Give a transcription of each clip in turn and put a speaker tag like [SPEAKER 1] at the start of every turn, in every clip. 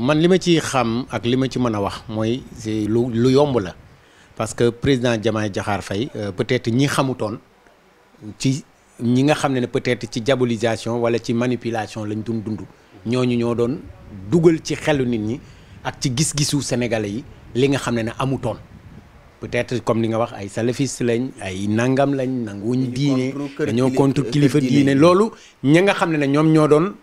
[SPEAKER 1] man li ma ci xam ak li ma ci mën a wax mooy lu lu yomb la parce que président Diomaye Diakhar fay euh, peut-être ñi xamutoon ci ñi nga xam ne ne peut-être ci diabolisation wala ci manipulation lañ doon dund ñooñu ñoo doon dugal ci xelu nit ñi ak ci gis-gisu sénégalais yi li nga xam ne ne amutoon peut-être comme li nga wax ay salafiste lañ ay nangam lañ nanguwuñ diine dañoo contre kilifa diine loolu ña nga xam ne ne ñoom ñoo doon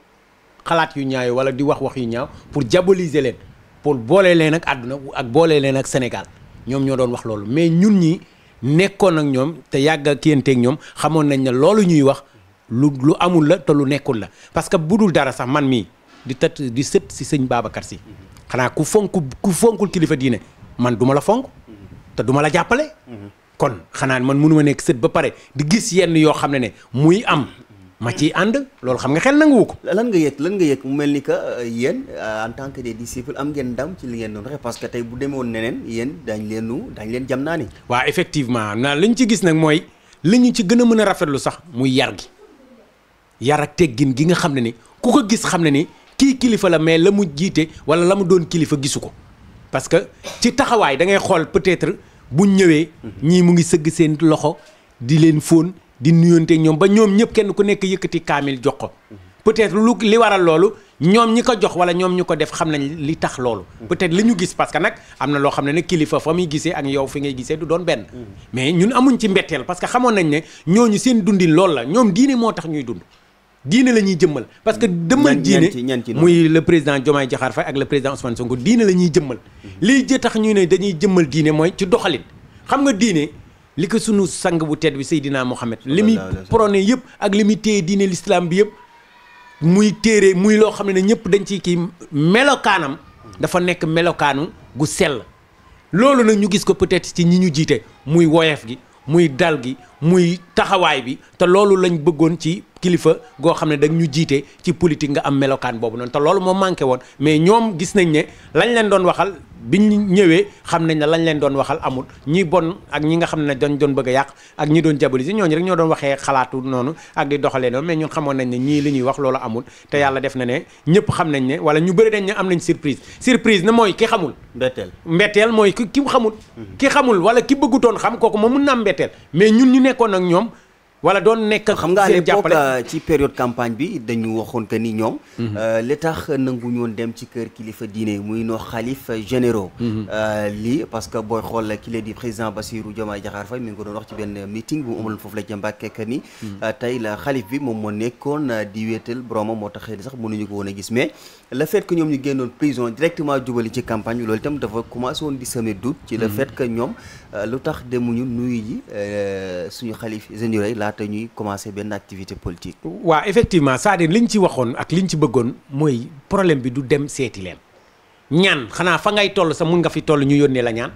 [SPEAKER 1] xalaat yu ñaaw wala di wax wax yu ñaaw pour diaboliser leen pour boole leen ak àdduna ak boole leen ak Sénégal ñoom ñoo doon wax loolu mais ñun ñi nekkoon ak ñoom te yàgg ak a kiyanteeg ñoom xamoon nañ ne loolu ñuy wax lu lu amul la te lu nekkul la parce que bu dul dara sax man mii di tët di sët si sëñ Babacar si xanaa ku fonk ku fonkul kilifa diine man duma la fonk te duma la jàppale mhm. kon xanaa man mënuma nekk sët ba pare di gis yenn yoo xam ne ne muy am ma ci ànd loolu xam nga xel
[SPEAKER 2] nanguwu ko. lan nga yëg lan nga yëg mu mel ni que euh, yéen euh, en tant que des disciples am ngeen ndam ci li ngeen doon parce que tey bu demoon neneen yéen dañ leenu dañ leen jam naa ni
[SPEAKER 1] waa effectivement na li ñu ci gis nag mooy li ñu ci gën a mën a rafetlu sax muy yar gi yar ak teggin gi nga xam ne ni ku ko gis xam ne ni kii kilifa la mais la mu jiite wala la mu doon kilifa gisu ko parce que ci taxawaay da ngay xool peut-être buñ ñëwee. Mhm. ñii mu ngi sëgg seen loxo di leen fóon. di nuyonteeg ñoom ba ñoom ñëpp kenn ku nekk yëkkati kaamil jox ko peut-être lu li waral loolu ñoom ñi ko jox wala ñoom ñi ko def xam nañ li tax loolu peut-être li ñu gis parce que nag am na loo xam ne ne kilifa fa muy gisee ak yow fi ngay gisee du doon benn mais ñun amuñ ci mbetteel parce que xamoon nañ ne ñoo ñu seen dundi loolu la ñoom diine moo tax ñuy dund diine la ñuy jëmmal parce que dëmmal diine muy le président Diomaye Diakhar Faye ak le président Ousmane Sonko diine la ñuy jëmmal mhm. tax ñu ne dañuy jëmmal diine mooy ci doxalin xam nga diine li ko sunu sang bu tedd bi Seydina Mohamed li muy prôné yëpp ak li muy téye diine lislaam bi yëpp muy téere muy loo xam ne ñëpp dañ ci kii melokaanam dafa nekk melokaanu gu sell loolu nag ñu gis ko peut ci ñi ñu jiite muy woyef gi muy dal gi muy taxawaay bi te loolu lañ bëggoon ci kilifa goo xam ne da ñu jiite ci politique nga am melokaan boobu noonu te loolu moo manqué woon mais ñoom gis nañ ne lañ leen doon waxal ñu ñëwee xam nañ ne lañ leen doon waxal amul ñi bon ak ñi nga xam ne dañ doon bëgg yàq ak ñi doon diaboliser ñooñu rek ñoo doon waxee xalaatu noonu ak di doxalee noonu mais ñun xamoon nañ ne ñii li ñuy wax loolu amul te yàlla def na ne ñëpp xam nañ ne wala ñu bëri dañ ne am nañ surprise surprise na mooy ki xamul mbetteel mbetteel mooy ki ki xamul mhm. ki xamul wala ki bëggutoon xam kooku moom mun na am mais ñun ñu nekkoon ak ñoom wala doon nekk xam nga à l'époque euh,
[SPEAKER 2] ci période campagne bi dañu waxoon que ni ñoom mhm. euh, li tax nanguñu woon dem ci kër kilifa diine muy noo xalif généraux mhm. euh, lii parce que booy xool ki leen di président Bassirou Diomaye Diakhar Faye mi ngi ko doon wax ci benn meeting bu mu amaloon foofu la ca Mbàkke que ni mhm. tey la xalif bi moom moo nekkoon di wéetal boromam moo tax sax mënuñu ko woon gis mais le fait que ñoom ñu génnoon prison directement jubali ci campagne bi loolu itam dafa commencé woon di semer doute ci le fait que ñoom lu tax demuñu nuyu ji suñu xalif généraux te ñuy commencer benn activité politique.
[SPEAKER 1] waa effectivement cest à li ñu ci waxoon ak li ñu ci bëggoon mooy problème bi du dem seeti leen ñaan xanaa fa ngay toll sax mun nga fi toll ñu yónnee la ñaan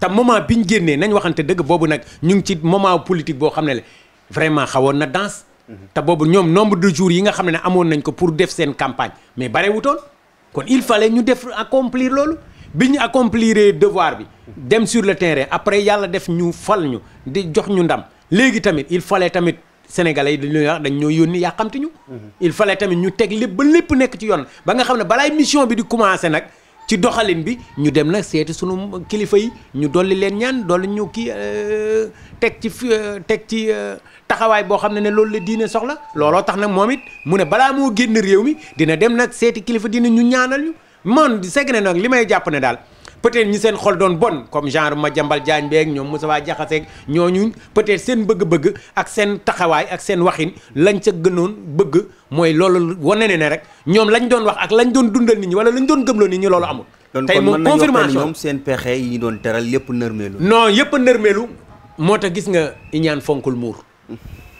[SPEAKER 1] te moment bi ñu génnee nañ waxante dëgg boobu nag ñu ngi ci moment politique boo xam ne la vraiment xawoon na danse. te boobu ñoom nombre de jour yi nga xam ne amoon nañ ko pour def seen campagne mais barewutoon kon il fallait ñu def accomplir loolu. bi ñu accomplir devoir bi dem sur le terrain après yàlla def ñu fal ñu di jox ñu ndam léegi tamit il fallait tamit sénégal yi dañuy dañ ñoo yónni yàqamti ñu. il fallait tamit ñu teg lépp ba lépp nekk ci yoon ba nga xam ne balaay mission bi di commencé nag ci doxalin bi ñu dem nag seeti suñu kilifa yi ñu dolli leen ñaan dolli ñu kii euh, teg ci euh, teg ci euh, taxawaay boo xam ne ne loolu la diine soxla looloo tax nag moom it mu ne balaa moo génn réew mi dina dem nag seeti kilifa diine ñu ñaanal ñu man segg ne nag li may jàpp ne daal. peut-être ñi seen xol doon bon comme genre ma Madiambal Diagne beeg ñoom Moustapha Diakhaté ñooñu peut-être seen bëgg-bëgg ak seen taxawaay ak seen waxin lañ ca gënoon bëgg mooy loolu wane ne ne rek ñoom lañ doon wax ak lañ doon dundal nit ñi wala lañ doon gëmloo nit ñi loolu amul. tey moom confirmation seen pexe yi ñu doon teral yëpp nërmeelu. non yëpp nërmeelu moo tax gis nga iñaan fonkul muur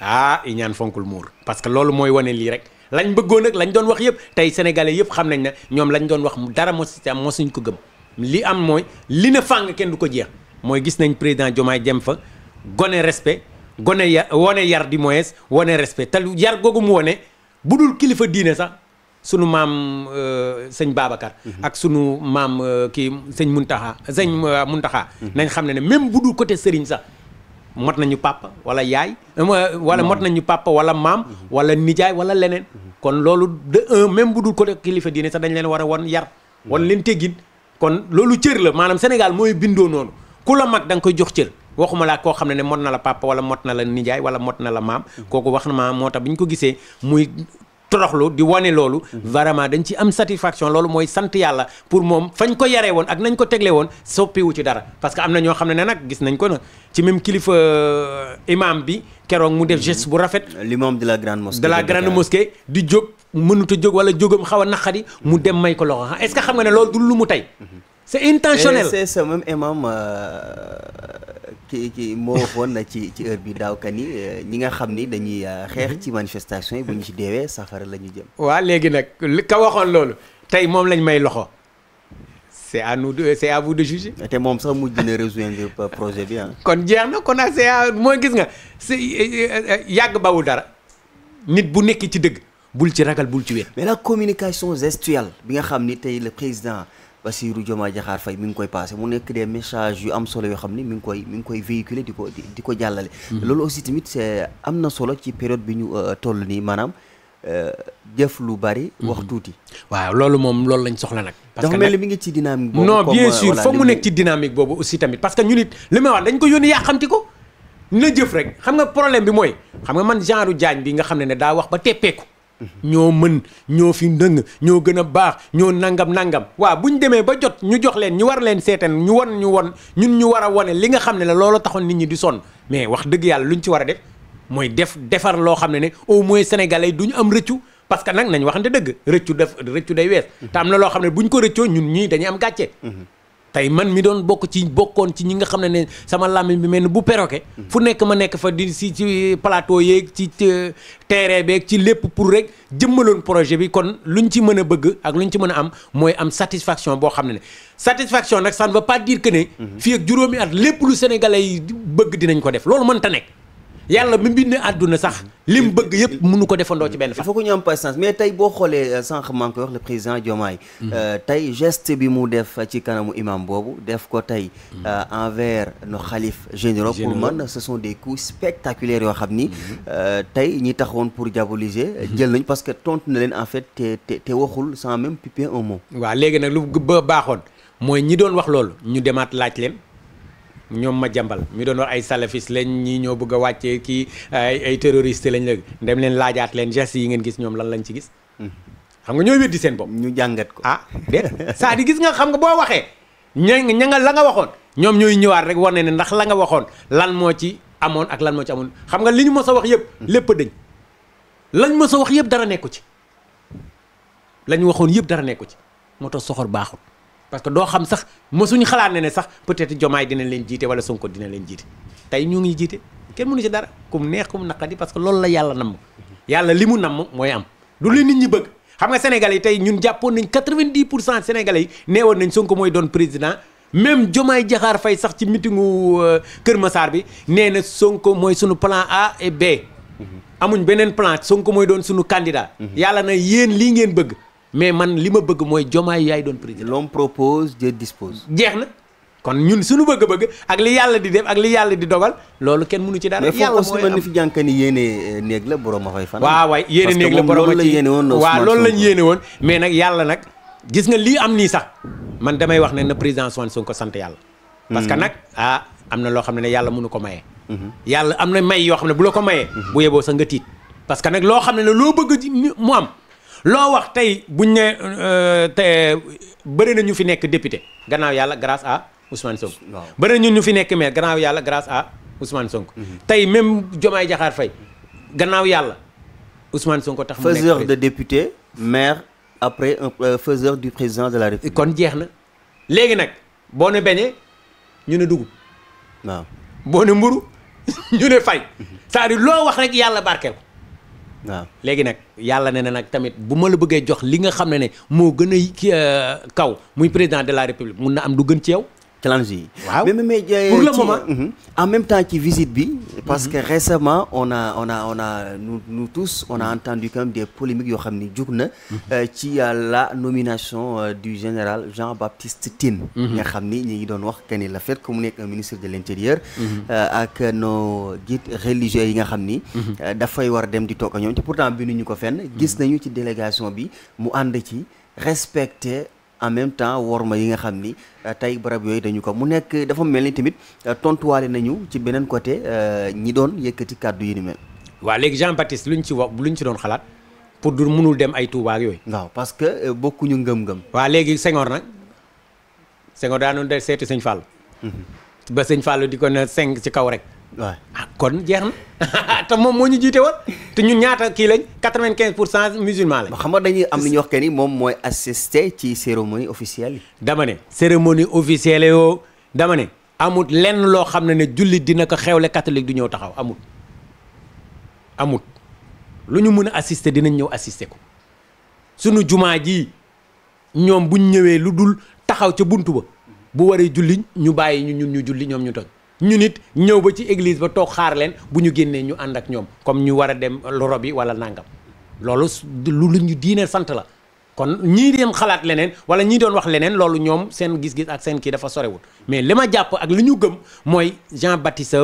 [SPEAKER 1] ah iñaan fonkul muur parce que loolu mooy wane lii rek. lañ bëggoon nag lañ doon wax yëpp tey sénégalais yëpp xam nañ ne ñoom lañ doon wax dara mosu mosuñ ko gëm li am mooy li na fàng kenn du ko jeex mooy gis nañ président jomaa jem fa gone respe gone ya wone yar di moyes wone respect te yar googu mu wone bu dul kilifa diine sax sunu maam euh, sëñ Babacar. Mhm. ak sunu maam euh, kii sëñ Muntaxa sëñ euh, Muntaxa. Mhm. nañ xam ne ne même bu dul côté sëriñ sax mot nañu papa wala yaay. wala mot nañu papa wala maam. Mhm. wala nijaay wala leneen. kon loolu de un même bu dul côté kilifa diine sax dañ leen war a wan yar. won leen teggin kon loolu cër la maanaam Sénégal mooy bindoo noonu ku la mag da koy jox cër waxuma laa koo xam ne ne mot na la papa wala mot na la nijaay wala mot na la maam kooku wax na ma moo tax bi ñu ko gisee muy toroxlu di wane loolu vraiment dañ ci am satisfaction loolu mooy sant yàlla pour moom fañ ko yaree woon ak nañ ko tegle woon soppiwu ci dara parce que am na ñoo xam ne ne nag gis nañ ko na ci même kilifa euh, imam bi keroog mu def geste bu rafet l'imam de la grande mosquée de la grande mosquée di jóg mënut a jóg wala jógam xaw a naqari mu dem may ko loxo est-ce que xam nga ne loolu du lu mu tey. c'est intentionnel c'est
[SPEAKER 2] ce même imam ki euh, ki moo waxoon na ci ci heure bi daaw kan yi euh, ñi nga xam ni dañuy euh, xeex ci manifestation yi bu ñu ci deewee
[SPEAKER 1] safara la ñu jëm. waa léegi nag li ka waxoon loolu tey moom lañ may loxo. c'est à nous de c'est de juger. te moom sax mujj na rejoindre projet bi ah. kon jeex na kon ah c'est mooy gis nga si yàgg bawul dara nit bu nekk ci dëgg. bul ci ragal bul ci wéet. mais la communication gestuelle bi nga xam ni tey le
[SPEAKER 2] président Bassirou Diomaye Diakhar Faye mi ngi koy passé mu nekk des message yu am solo yoo xam ni mi ngi koy mi ngi koy véhiculer di di ko jàllale. Mm-hmm. loolu aussi tamit am na solo ci période bi ñu euh, toll nii
[SPEAKER 1] maanaam. Euh, jëf lu bari. Mm-hmm. wax tuuti. waaw loolu moom loolu lañ soxla nag. parce que dafa mel ni mi euh, mu nekk ci dynamique boobu aussi tamit parce que ñu nit li may wax dañ ko yónni yaa xamti ko na jëf rek xam nga problème bi mooy xam nga man genre jaañ bi nga xam ne ne daa wax ba ñoo mën ñoo fi ndëng ñoo gën a baax ñoo nangam nangam waaw bu ñu demee ba jot ñu jox leen ñu war leen seetaan ñu won ñu won ñun ñu war a wone li nga xam ne la loolu taxoon nit ñi di sonn mais wax dëgg yàlla lu ñu ci war a def mooy def defar loo xam ne ne au moins sénégalais du ñu am rëccu parce que nag nañ waxante dëgg rëccu def rëccu day wees mmh. te am na loo xam ne bu ñu ko rëccoo ñun ñii dañuy am gàcce mmh. tey man mi doon bokk ci bokkoon ci ñi nga xam ne ne sama làmmiñ bi mel ni bu perroquet mm. fu nekk ma nekk fa di si ci plateau yeeg ci euh, terrain beeg ci lépp pour rek jëmmaloon projet bi kon lu luñ ci mën a bëgg ak lu ñu ci mën a am mooy am satisfaction boo xam ne ne satisfaction nag ça ba veut pas dire que ne mm-hmm. fii ak juróomi at lépp lu sénégalais yi bëgg dinañ ko def loolu mënta nekk yàlla mi bind àdduna sax li mu bëgg yëpp munu
[SPEAKER 2] ko defandoo ci benn fan. il faut ñu am patience mais tey boo xoolee euh, sànq maa ngi wax le président jomaay mm-hmm. euh, tey geste bi mu def ci kanamu imam boobu def ko tey mm-hmm. euh, envers nos xalif généraux pour man ce sont des coups spectaculaires yoo xam ni mm-hmm. tey ñi taxawoon pour
[SPEAKER 1] jaboliser jël nañ parce que tontu na leen en fait te te waxul sans même piper un mot. waa léegi nag lu ba baaxoon mooy ñi doon wax loolu ñu demaat laaj leen. ñoom ma jambal mii doon wax ay salafis lañ ñii ñoo bëgg a wàccee kii ay ay terroriste lañ léegi dem leen laajaat leen gestes yi ngeen gis ñoom lan lañu ci gis hmm. xam nga ñooy weddi seen bopp ñu jàngat ko ah déet saa di gis nga xam nga boo waxee ña ña nga la nga waxoon ñoom ñooy ñëwaat rek war ne ndax la nga waxoon lan moo ci amoon ak lan moo ci amoon xam nga li ñu mës a wax yëpp hmm. lépp dañ lañ mës a wax yëpp dara nekku ci lañ waxoon yëpp dara nekku ci moo tax soxor baaxul parce que doo xam sax mosuñu xalaat ne ne sax peut-être jomaay dina leen jiite wala Sonko dina leen jiite tey ñu ngi jiite kenn mënu ci dara kum neex kum naqadi parce que loolu la yàlla namm yàlla li mu namm mooy am du li nit ñi bëgg xam nga sénégalais yi tey ñun jàppoon nañ 90 pour cent sénégalais yi neewoon nañ mooy doon président même jomaay jaxaar fay sax ci meetingu euh, Kër Massar bi nee na Sonko mooy sunu plan A et mhm. amuñ beneen plan Sonko mooy doon sunu candidat mhm. yàlla na yéen lii ngeen bëgg mais man li ma bëgg mooy jomaay yaay doon président. l'homme propose jeex na kon ñun suñu bëgg-bëgg ak li yàlla di def ak li yàlla di dogal loolu kenn mënu ci dara. yàlla mooy am mais fi
[SPEAKER 2] jànka ni euh, la borom a fay fan. waaw waay yéene néeg la borom a ci waaw loolu lañ
[SPEAKER 1] yéene woon mais nag yàlla nag gis nga lii am nii sax man damay wax ne na président Ousmane Sonko sant yàlla. parce que hmm. nag ah am na loo xam ne yàlla mënu ko maye. Hmm. yàlla am na may yoo xam ne bu la ko mayee. bu yeboo sax nga tiit parce que nag loo xam ne loo bëgg mu am loo wax tey buñ ne euh, te bëri na ñu fi nekk député gannaaw yàlla grâce à Ousmane Sonko. bëri na ñu fi nekk maire gannaaw yàlla grâce à Ousmane Sonko. Mhm. tey même Diomaye Diakhar Faye gannaaw yàlla Ousmane Sonko tax mu nekk faiseur de
[SPEAKER 2] député maire après un euh, faiseur du président de la République.
[SPEAKER 1] kon jeex na léegi nag boo ne beñee ñu ne dugub. waaw boo ne mburu ñu ne fay. Mhm. cest loo wax rek yàlla barkeel waaw léegi nag yàlla ne na nag tamit bu ma la bëggee jox li nga xam ne ne moo gën a euh, kaw muy président de la république mun na am du gën ci yow challenge yi.
[SPEAKER 2] waaw mais mais pour le
[SPEAKER 1] euh,
[SPEAKER 2] mhm. ci visite bi. parce que mhm. récemment on a on a on a tous on a mhm. entendu quand même des yoo xam ni jug na. Euh, ci la nomination euh, du général Jean Baptiste Tine. nga xam ni ñu ngi doon wax que ni la fait que mu nekk un ministre de l' intérieur. ak nos religieux yi nga xam ni. dafay war dem di toog a ñoom te pourtant binduñu ko fen gis nañu ci délégation bi mu ànd ci respecter. en même temps worma yi nga xam ni euh, tey barab yooyu dañu ko mu nekk dafa mel ni tamit euh, tontuwaale nañu
[SPEAKER 1] ci beneen côté euh, ñi doon yëkkati kàddu yi ni mel. waa léegi Jean Baptiste luñ ci wax luñ ci doon xalaat pour du munul dem ay Touba ak yooyu. waaw parce que bokkuñu ngëm-ngëm. waa léegi señoor nag Senghor daanoon de seeti sëñ Fall. Mhm. ba sëñ Fall di ko ne seng ci kaw rek. waaw ah, kon jeex na tam moom moo ñu jiite woon te ñun ñaata kii lañ
[SPEAKER 2] quatre-vingt-quinze pour cent musulman lañ. xam nga dañuy am lu ñu wax que ni moom mooy assister ci cérémonie officielle
[SPEAKER 1] yi. dama ne cérémonie officielle yoo dama ne amut lenn loo xam ne ne jullit dina ko xewle catholique du ñëw taxaw amut amut lu ñu mën a assister dinañ ñëw assister ko sunu jumaa ji ñoom buñ ñëwee lu dul taxaw ca buntu ba bu waree julli ñu bàyyi ñu ñun ñu julli ñoom ñu toj. ñu nit ñëw ba ci église ba toog xaar leen bu ñu génnee ñu ànd ak ñoom comme ñu war a dem loro bi wala nangam loolu lu ñu diine sant la kon ñii dem xalaat leneen wala ñii doon wax leneen loolu ñoom seen gis-gis ak seen kii dafa sorewul mais li ma jàpp ak li ñu gëm mooy Jean Baptiste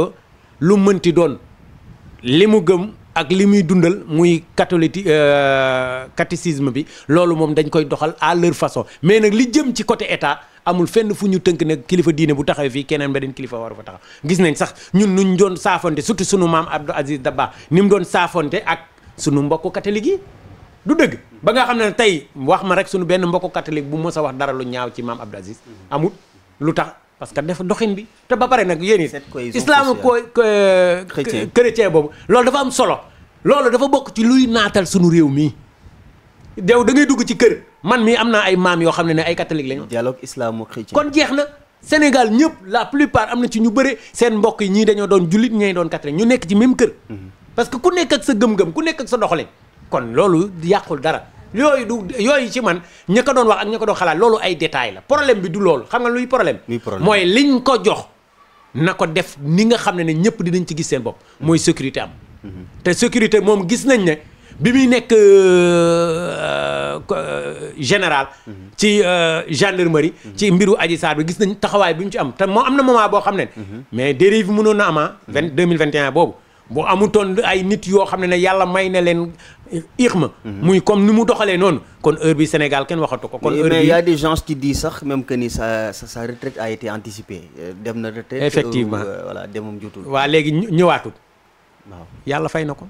[SPEAKER 1] lu mënti doon li mu gëm ak li muy dundal muy catholique euh, catéchisme bi loolu moom dañ koy doxal à leur façon mais nag li jëm ci côté état amul fenn fu ñu tënk ne kilifa diine bu taxawee fii keneen beneen kilifa waru fa taxaw gis nañ sax ñun nuñ doon saafonte surtout sunu maam Abdou Aziz baax ni mu doon saafonte ak suñu mbokku catholique yi du dëgg ba nga xam ne tey wax ma rek suñu benn mbokku catholique bu mos a wax dara lu ñaaw ci maam Abdou Aziz mhm. amul lu tax parce que dafa doxin bi te ba pare nag yéen it islamu ko chrétien boobu loolu dafa am solo loolu dafa bokk ci luy naatal sunu réew mii dew da ngay dugg ci kër man mii am naa ay maam yoo xam ne ne ay catholique lañu. dialogue islamo-chrétien kon jeex na Sénégal ñëpp la plupart am na ci ñu bëre seen mbokk yi ñii dañoo doon jullit ñay doon catholique ñu nekk ci même kër. Mhm. parce que ku nekk ak sa gëm-gëm ku nekk ak sa doxalin. kon loolu yàqul dara yooyu du yooyu ci man ña ko doon wax ak ña ko doon xalaat loolu ay détails la problème bi du loolu xam nga luy problème. luy problème mooy liñ ko jox. na ko def ni nga xam ne ne ñëpp dinañ ci gis seen bopp. mooy sécurité am. Mhm. te sécurité moom gis nañ ne. bi muy nekk euh, euh, général. Mhm. ci euh, gendarmerie. Mhm. ci mbiru Adji Sarr bi gis nañ taxawaay bi mu ci am te moo am na moment boo xam ne. Mhm. mais dérive mënoon na ama ah. vingt deux mille vingt boobu. bu amutoon ay nit yoo xam ne ne yàlla may na leen ma muy comme ni mu doxalee noonu kon heure bi Sénégal kenn waxatu ko kon heure bi mais y a
[SPEAKER 2] des gens sax même que ni sa sa retraite a été anticipée dem na retraite effectivement
[SPEAKER 1] voilà demam jotul waa léegi ñëwaatul waaw yàlla fay na ko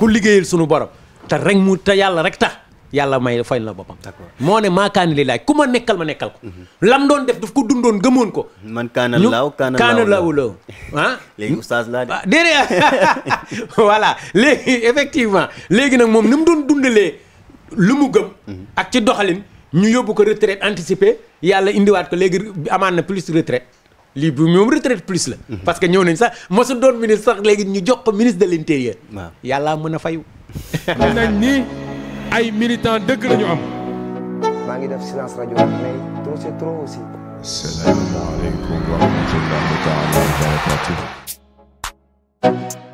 [SPEAKER 1] ku liggéeyal sunu borom te rek mu te yàlla rek tax yàlla may fay la boppam. d'accord moo ne maa kaani li laay ku ma nekkal ma nekkal ko. Mhm. lam doon def daf ko dundoon gëmoon ko. man kaana laaw kaana laaw laaw ah. léegi oustaz laa de. Ah, déedéet léegi nag moom ni mu doon dundalee lu mu gëm. Mhm. ak ci doxalin ñu yóbbu ko retraite anticipée yàlla indiwaat ko léegi amaan na plus retraite lii bu moom retraite plus la. Mhm. parce que ñëw nañ sax mosu doon ministre sax léegi ñu jox ko ministre de l'intérieur. waaw yàlla mën a fayu. xam nañ ni ay militant dëgg la am.
[SPEAKER 2] maa ngi def silence rajo mais trop c'est trop aussi. salaamaaleykum wa rahmatulah.